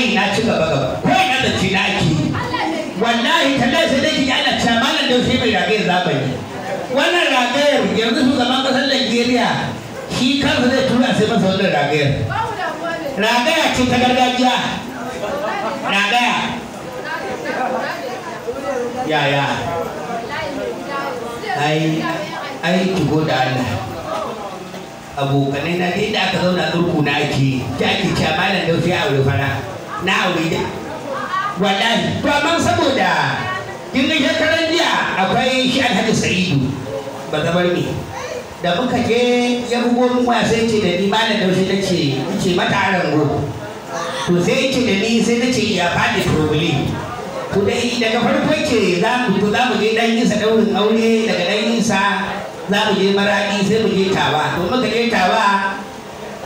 wallahi na ci gaba gaba na ake wallahi tallahi sai dai ana cewa malam da sai mai ragayar zaɓa ne wannan ragayar yanzu su zaman ƙasar Najeriya shi kansa zai tura sai masa wannan ragayar ragaya ce ta gargajiya ragaya yaya ai ai tugo da Allah abokanai na dai da aka zauna ɗurku na ake ki ake cewa malam da sai a wuri fara na aure da wallahi to amma saboda kin ga shekaran jiya akwai shi alhaji sa'idu ba bar ni da muka je ya rubo mu waya sai ce da ni ba da daushe ta ce ce mata aran go to sai ce da ni sai na ce ya faɗi problem to dai daga farko ce za mu to za mu je dan sa daurin aure daga dan sa za mu je maradi sai mu je tawa to muka je tawa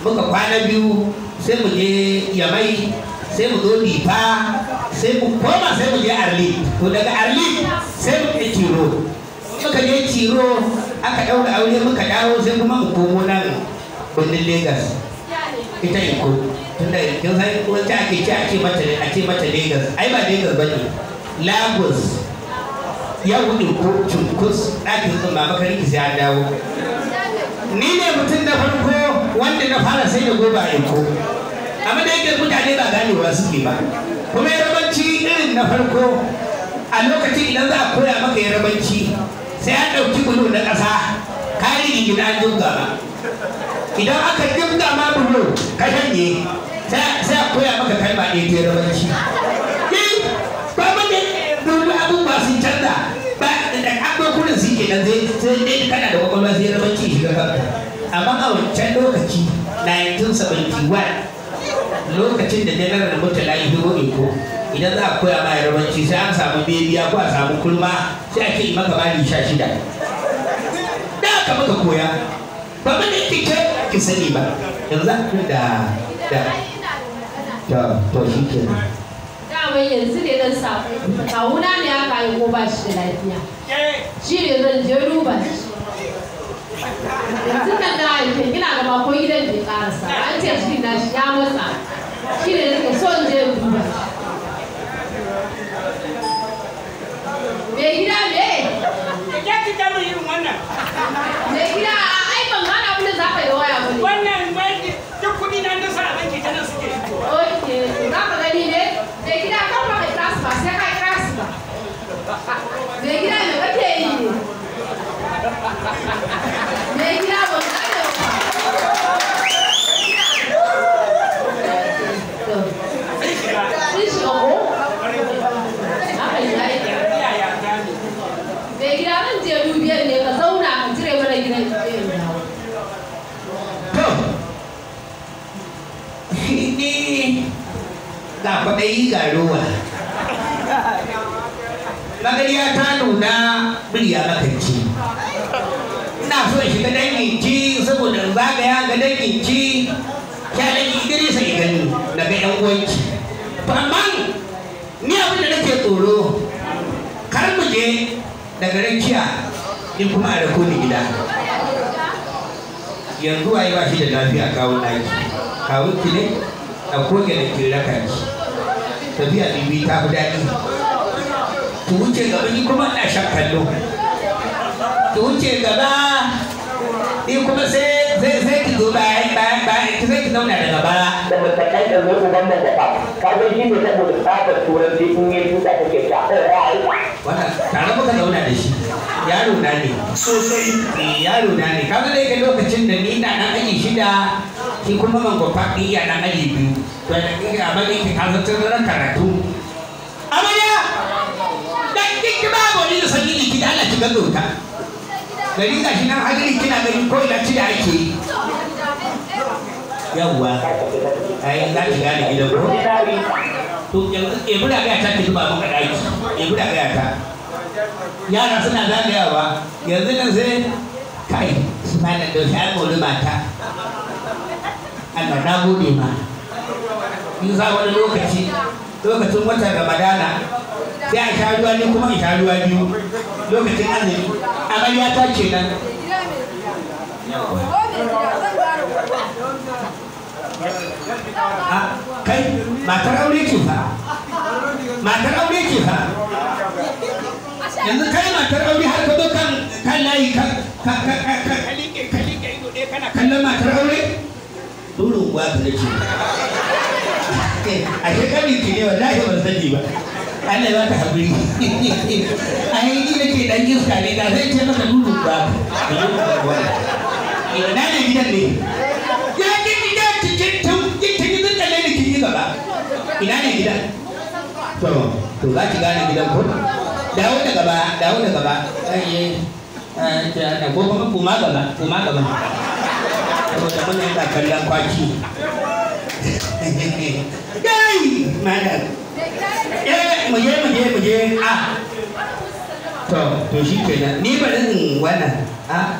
muka kwana biyu sai mu je yamai sai mu zo lifa sai mu koma sai mu je arli to daga arli sai mu je ciro muka je ciro aka ɗaura aure muka dawo sai kuma mu komo nan birnin Legas ita iko tunda kin san ta ake ce ake mata ake mata Legas ai ba Legas bane Lagos ya wuce ko cunkus ɗakin tsumma maka riki sai an dawo ni ne mutum na farko wanda na fara sai da goba iko amma da yake mutane ba ganewa suke ba kuma yarabanci irin na farko a lokacin idan za a koya maka yarabanci sai an ɗauki bulu na ƙasa kari rigina an jibga ma idan aka jibga ma bulu ka shanye sai a koya maka kalma ɗaya ta yarabanci ba mane dole abubuwa sun canza ba da abubuwan su ke nan zai ɗaya kana da kwakwalwa sai yarabanci shiga kanka amma a wancan lokaci 1971 lokacin da janar da murtala ya zo ko idan za a koya ma yarbanci sai an samu bebiya ko a samu kulma sai a ce maka bani sha shida da aka maka koya ba mun da ce ki sani ba yanzu da da to to shi Da mai yanzu ne nan sako kawuna ne aka yi ko ba shi da lafiya shi ne zan je duba yanzu kan da haife gina gaba ko gidan bai karasa an ce shi na shi ya matsa She didn't ga magariya ta nuna murya makanci ina so in shiga dangin ci saboda zagaya ga dangin ci kyalan idrisa gani daga yan uwanki to amma ni abin da nake tsoro kar mu je daga rakiya in kuma a rako ni gida yanzu ayi ba shi da lafiya kawo naki kawo ki ne a koke da ke raka ki tafiya bibi ta fi daɗi ku wuce gaba ni kuma ina shan kallo ku wuce gaba ni kuma sai zai ki zo bayan bayan bayan ki zai ki zauna daga baya da mutakai da zai uban da zaka ka ga shi ne saboda tsabar turanci in yi tuta take ta wannan tare muka zauna da shi yaro na ne sosai eh, yaro na ne kaga dai ga lokacin da ni na nan aji shida shi kuma mangwafa ɗin ya ɗan aji biyu to a bari ki kazo karatu amarya dan kiki babu da sanyi ki da Allah ki gaggauta gari ga shi nan hajjiri kina gani ko ina ci da ake yi yawwa ai za ko to yanzu da ta ki zuba maka daki ebu yara suna zagayawa yanzu nan zai kai su ma da dauki Allah na ma in za wani lokaci lokacin ga ramadana sai a sha ruwa ne kuma a sha ruwa biyu lokacin azumi amarya ta ce nan kai matar aure ce fa matar aure ke fa yanzu kai matar aure har ka zo kan layi ka liƙe ka liƙe kana kallon matar aure Durin gwata na ce. Eh, A shekaru ki ne wallahi ban sani ba. Allah ya ta haƙuri. A yanki da ke ɗan iska ne da zai ce masa durin gwata. Ina eh, ne gidan ne? Ya ki gida cikin gidan da Ina ne gidan? To, to za ki gane gidan ko? Dawo daga ba, dawo daga ba. Ai, ai, ai, ai, ai, ai, ai, ai, saboda muna yana kallon kwaki yai madam eh muje muje muje ah. to to shi ni wannan ah.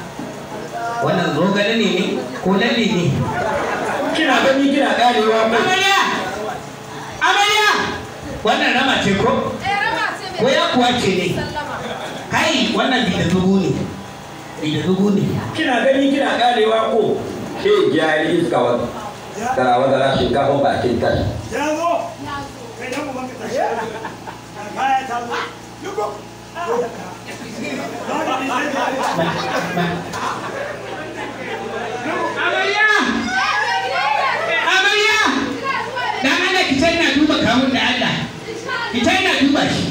wannan ne ne ko ne kina gani kina karewa ba amarya amarya wannan rama ce ko eh, ko ya kuwa ce ne kai wannan bi da dubu ne bi da dubu ne kina gani kina karewa ko ke gyari iska wata da wadara shinkafa bakin tashi kai amarya amarya dan ana duba kawun da Allah duba shi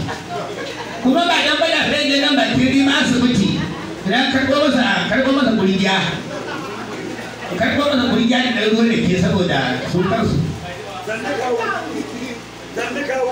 kuma ba dan bada fere nan ba tiri ma asibiti dan karbo masa karbo kai mana kun yaji da ruwan da ke saboda sun kawo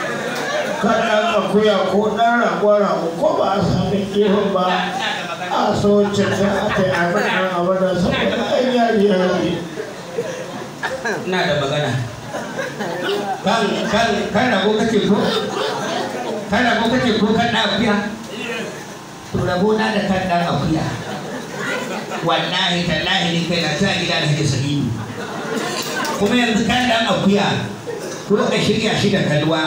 kaɗan akuya ko ɗan ragwara ko ba a sami ihun ba a tsohon cikin aka yi abin nan abada saboda an yari yari ina da magana kan kan kan rago kake ko kan rago kake ko kan ɗan akuya to rabo na da kan ɗan akuya wallahi tallahi ni kai na ta gida da hajji sahihu kuma yanzu kan ɗan akuya ko ka shirya shi da kalwa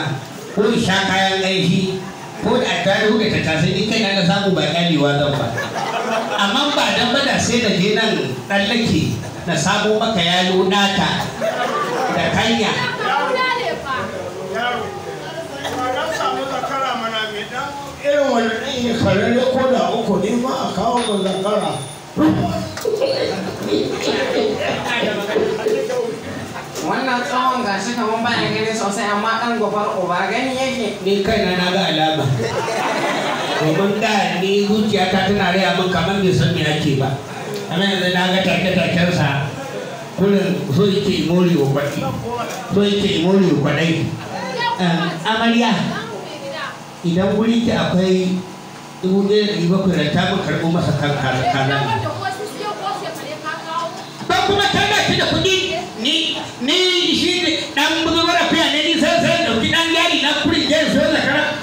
ko in sha kayan aiki, ko da attaruhu da tattasai ni kai na samu ba ƙarewa zan ba amma ba dan ba da sai da je nan tsallake na samo maka yalo nata da kanya irin wani ne ko da uku ne ma a kawo zakara ganin ba baya gani sosai amma ɗan gobar uba gani yake ni kaina na ga alama domin da ni zuciyata tana raya min kamar bai san me ake ba amma yanzu na ga take-takensa kullum so yake imori wa kwaɗi so yake wa kwaɗai amarya idan wuri ki akwai dubu ɗaya da ɗari da ta karɓo masa kan ba kuma tana ki da kuɗi ni ni shi ne dan buga mara fiya ne ni sai sai dauki dan gari na kurin ya so zakara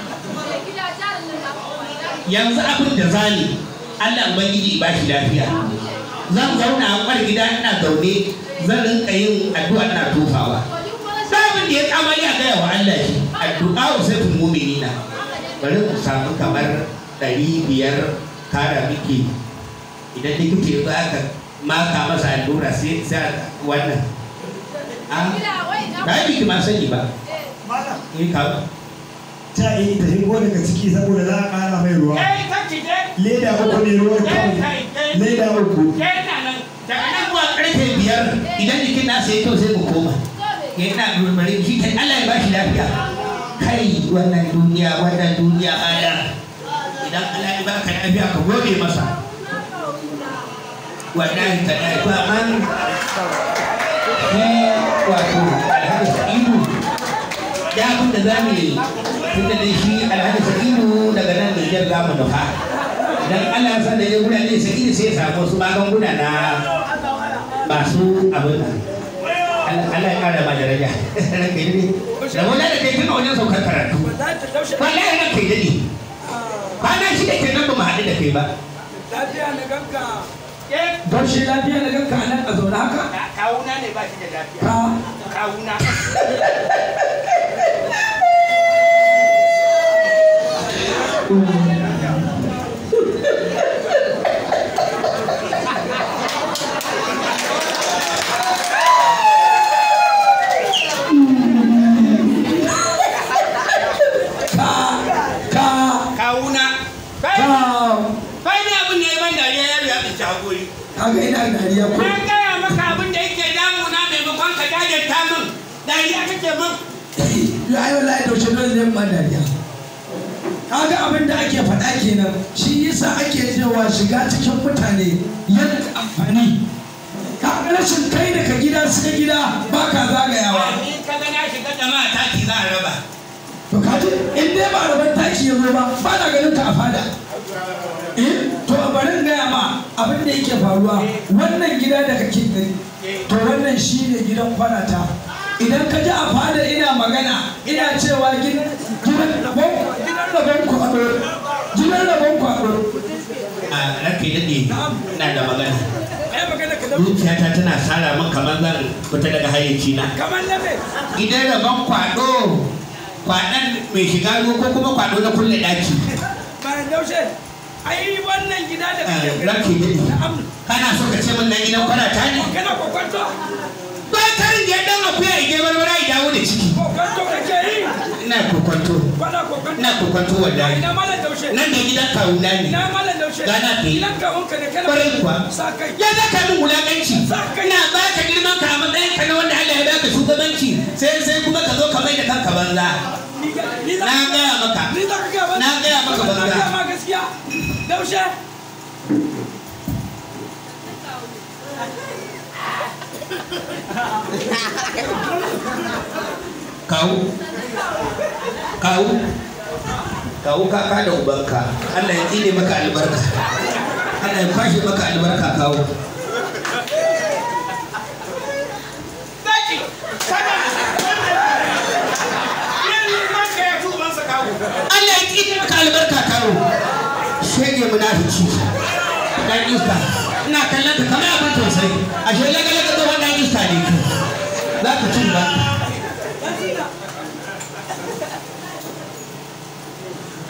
yanzu abin da zani Allah ubangiji ba shi lafiya zan zauna a kwar gida ina zaune zan rinka yin addu'a ina tofawa damin da ya kamari a gaya wa Allah shi addu'a wa sai tun na. bari ku samu kamar ɗari biyar tara miki idan likita ya zo aka maka masa allura sai wannan na eh, yi ba in ka ciki saboda za kara mai karfe biyar idan jikin nasa ya sai mu koma ya ina murmurin shi kan Allah ya lafiya kai wannan duniya wannan duniya idan Allah ya lafiya ka gode masa ta ba an eh, wato alhaji sa'idu ya abin da za mu dan Allah san da ne sa'idu sai na abin Allah ya kara ma daraja ne da da kai wajen saukar karatu shi da kenan ba mu haɗu da kai ba lafiya na ganka don shi lafiya na ganka nan a haka kawuna ne ba shi da lafiya a una. Kauna. Kai ne abin da ya ban dariya ya biya ta shaguri. Kaga ina dariya ko. dariya kake man ya ai wallahi daushe dole ne ma dariya kaga abin da ake faɗa kenan shi yasa ake cewa shiga cikin mutane yadda da amfani kaga rashin kai daga gida sai gida ba ka zagayawa ni kaga na shiga da ma taki za a raba to kaji in dai ba rabar taki ya zo ba ba na ganin ta a fada Eh, to barin gaya ma abin da yake faruwa wannan gida da kake gani to wannan shine gidan kwanata idan ka ji a fada ina magana ina cewa gidan rabon kwado gidan a ranka yi daɗe ina da magana zuciyata tana sara min kamar zan fita daga hayyaci na da rabon kwaɗo. kwaɗan mai shiga ruwa ko kuma kwaɗo na kulle ɗaki ai wannan gida da kake eh, kana so ka ce min na gidan kwana ta ne kana kwakwanto ina kokwanto ina a wallahi nan da gidan kawuna ne gana ke kwarai kuwa ya za ka min wulakanci ina ba ka girman ka a matsayin ka na wanda Allah ya baka shugabanci sai sai kuma ka zo ka mai da kanka banza na gaya maka na gaya maka banza Ha ha ha ha! kawu kawu kawu kaka da ubanka Allah ya tsine maka albarka Allah ya kwashe maka albarka kawu Allah ya tsine maka albarka kawu shege munafiki dan iska ina kallon ka kamar abin tausayi ashe laga laga zo wannan iska ne ka za ka cin ba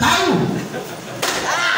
tahu